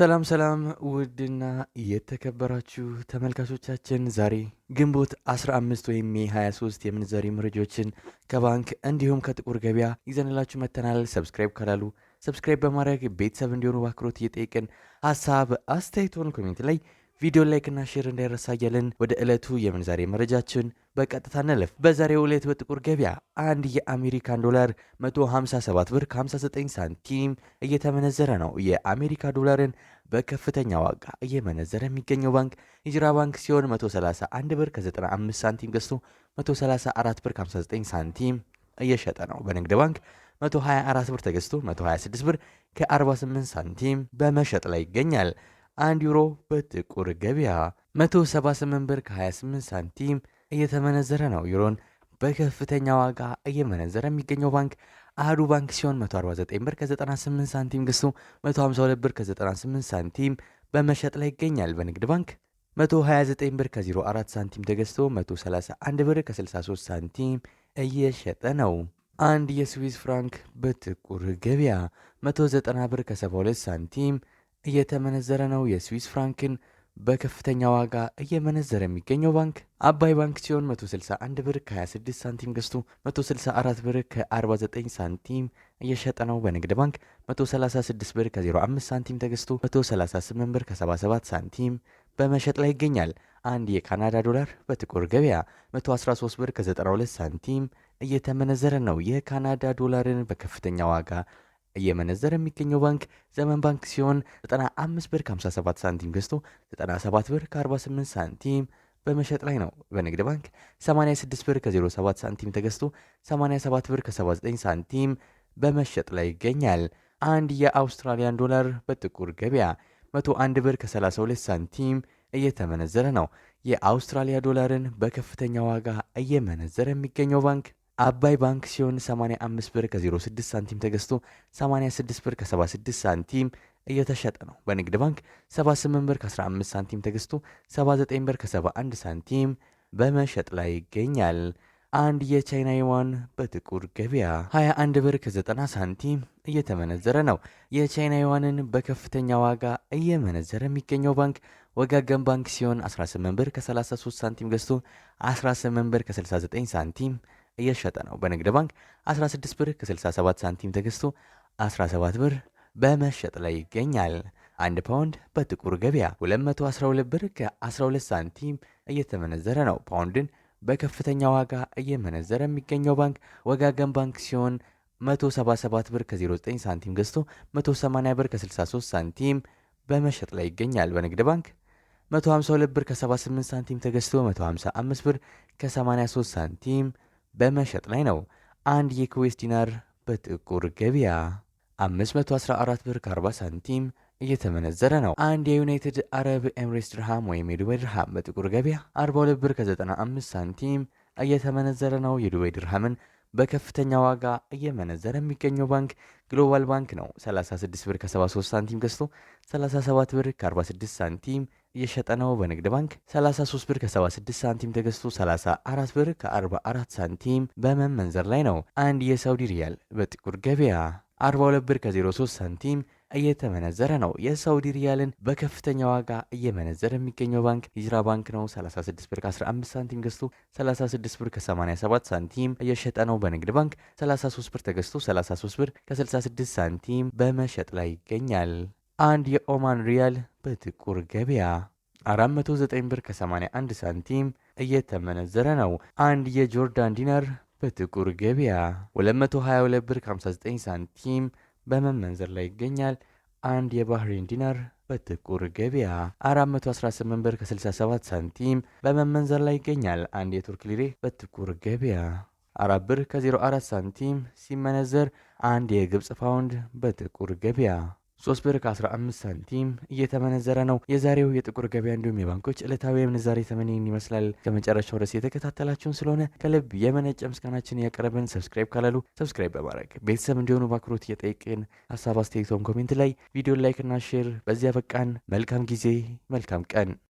ሰላም ሰላም ውድና የተከበራችሁ ተመልካቾቻችን ዛሬ ግንቦት 15 ወይም ሜ 23 የምንዛሬ መረጃዎችን ከባንክ እንዲሁም ከጥቁር ገበያ ይዘንላችሁ መተናል። ሰብስክራይብ ካላሉ ሰብስክራይብ በማድረግ ቤተሰብ እንዲሆኑ በአክብሮት እየጠየቅን ሀሳብ አስተያየቶን ኮሜንት ላይ ቪዲዮ ላይክና ሼር እንዳይረሳ እያልን ወደ ዕለቱ የምንዛሬ መረጃችን በቀጥታ እንለፍ። በዛሬው ዕለት በጥቁር ገበያ አንድ የአሜሪካን ዶላር 157 ብር 59 ሳንቲም እየተመነዘረ ነው። የአሜሪካ ዶላርን በከፍተኛ ዋጋ እየመነዘረ የሚገኘው ባንክ ሂጅራ ባንክ ሲሆን 131 ብር ከ95 ሳንቲም ገዝቶ 134 ብር 59 ሳንቲም እየሸጠ ነው። በንግድ ባንክ 124 ብር ተገዝቶ 126 ብር ከ48 ሳንቲም በመሸጥ ላይ ይገኛል። አንድ ዩሮ በጥቁር ገበያ 178 ብር ከ28 ሳንቲም እየተመነዘረ ነው። ዩሮን በከፍተኛ ዋጋ እየመነዘረ የሚገኘው ባንክ አህዱ ባንክ ሲሆን 149 ብር ከ98 ሳንቲም ግሱ 152 ብር ከ98 ሳንቲም በመሸጥ ላይ ይገኛል። በንግድ ባንክ 129 ብር ከ04 ሳንቲም ተገዝቶ 131 ብር ከ63 ሳንቲም እየሸጠ ነው። አንድ የስዊስ ፍራንክ በጥቁር ገበያ 190 ብር ከ72 ሳንቲም እየተመነዘረ ነው። የስዊስ ፍራንክን በከፍተኛ ዋጋ እየመነዘረ የሚገኘው ባንክ አባይ ባንክ ሲሆን 161 ብር ከ26 ሳንቲም ገዝቶ 164 ብር ከ49 ሳንቲም እየሸጠ ነው። በንግድ ባንክ 136 ብር ከ05 ሳንቲም ተገዝቶ 138 ብር ከ77 ሳንቲም በመሸጥ ላይ ይገኛል። አንድ የካናዳ ዶላር በጥቁር ገበያ 113 ብር ከ92 ሳንቲም እየተመነዘረ ነው። የካናዳ ዶላርን በከፍተኛ ዋጋ እየመነዘረ የሚገኘው ባንክ ዘመን ባንክ ሲሆን 95 ብር 57 ሳንቲም ገዝቶ 97 ብር 48 ሳንቲም በመሸጥ ላይ ነው። በንግድ ባንክ 86 ብር ከ07 ሳንቲም ተገዝቶ 87 ብር ከ79 ሳንቲም በመሸጥ ላይ ይገኛል። አንድ የአውስትራሊያን ዶላር በጥቁር ገበያ 101 ብር ከ32 ሳንቲም እየተመነዘረ ነው። የአውስትራሊያ ዶላርን በከፍተኛ ዋጋ እየመነዘረ የሚገኘው ባንክ አባይ ባንክ ሲሆን 85 ብር ከ06 ሳንቲም ተገዝቶ 86 ብር ከ76 ሳንቲም እየተሸጠ ነው። በንግድ ባንክ 78 ብር ከ15 ሳንቲም ተገዝቶ 79 ብር ከ71 ሳንቲም በመሸጥ ላይ ይገኛል። አንድ የቻይና ዩዋን በጥቁር ገበያ 21 ብር ከ90 ሳንቲም እየተመነዘረ ነው። የቻይና ዩዋንን በከፍተኛ ዋጋ እየመነዘረ የሚገኘው ባንክ ወጋገን ባንክ ሲሆን 18 ብር ከ33 ሳንቲም ገዝቶ 18 ብር ከ69 ሳንቲም እየተሸጠ ነው። በንግድ ባንክ 16 ብር ከ67 ሳንቲም ተገዝቶ 17 ብር በመሸጥ ላይ ይገኛል። አንድ ፓውንድ በጥቁር ገበያ 212 ብር ከ12 ሳንቲም እየተመነዘረ ነው። ፓውንድን በከፍተኛ ዋጋ እየመነዘረ የሚገኘው ባንክ ወጋገን ባንክ ሲሆን 177 ብር ከ09 ሳንቲም ገዝቶ 180 ብር ከ63 ሳንቲም በመሸጥ ላይ ይገኛል። በንግድ ባንክ 152 ብር ከ78 ሳንቲም ተገዝቶ 155 ብር ከ83 ሳንቲም በመሸጥ ላይ ነው። አንድ የኩዌስ ዲናር በጥቁር ገበያ 514 ብር ከ40 ሳንቲም እየተመነዘረ ነው። አንድ የዩናይትድ አረብ ኤምሬስ ድርሃም ወይም የዱባይ ድርሃም በጥቁር ገበያ 42 ብር ከ95 ሳንቲም እየተመነዘረ ነው። የዱባይ ድርሃምን በከፍተኛ ዋጋ እየመነዘረ የሚገኘው ባንክ ግሎባል ባንክ ነው። 36 ብር ከ73 ሳንቲም ገዝቶ 37 ብር ከ46 ሳንቲም እየሸጠ ነው። በንግድ ባንክ 33 ብር ከ76 ሳንቲም ተገዝቶ 34 ብር ከ44 ሳንቲም በመመንዘር ላይ ነው። አንድ የሳውዲ ሪያል በጥቁር ገበያ 42 ብር ከ03 ሳንቲም እየተመነዘረ ነው። የሳውዲ ሪያልን በከፍተኛ ዋጋ እየመነዘረ የሚገኘው ባንክ ሂጅራ ባንክ ነው። 36 ብር 15 ሳንቲም ገዝቶ 36 ብር 87 ሳንቲም እየሸጠ ነው። በንግድ ባንክ 33 ብር ተገዝቶ 33 ብር 66 ሳንቲም በመሸጥ ላይ ይገኛል። አንድ የኦማን ሪያል በጥቁር ገበያ 409 ብር ከ81 ሳንቲም እየተመነዘረ ነው። አንድ የጆርዳን ዲናር በጥቁር ገበያ 222 ብር 59 ሳንቲም በመመንዘር ላይ ይገኛል። አንድ የባህሬን ዲናር በጥቁር ገበያ 418 ብር ከ67 ሳንቲም በመመንዘር ላይ ይገኛል። አንድ የቱርክ ሊሬ በጥቁር ገበያ 4 ብር ከ04 ሳንቲም ሲመነዘር አንድ የግብፅ ፓውንድ በጥቁር ገበያ 3 ብር ከ15 ሳንቲም እየተመነዘረ ነው። የዛሬው የጥቁር ገበያ እንዲሁም የባንኮች ዕለታዊ የምንዛሬ ተመን ይመስላል። ከመጨረሻው ድረስ የተከታተላችሁን ስለሆነ ከልብ የመነጨ ምስጋናችን ያቀረብን። ሰብስክራይብ ካላሉ ሰብስክራይብ በማድረግ ቤተሰብ እንዲሆኑ በአክብሮት እየጠየቅን ሀሳብ አስተያየቶም ኮሜንት ላይ ቪዲዮ ላይክና ሼር። በዚያ በቃን። መልካም ጊዜ፣ መልካም ቀን።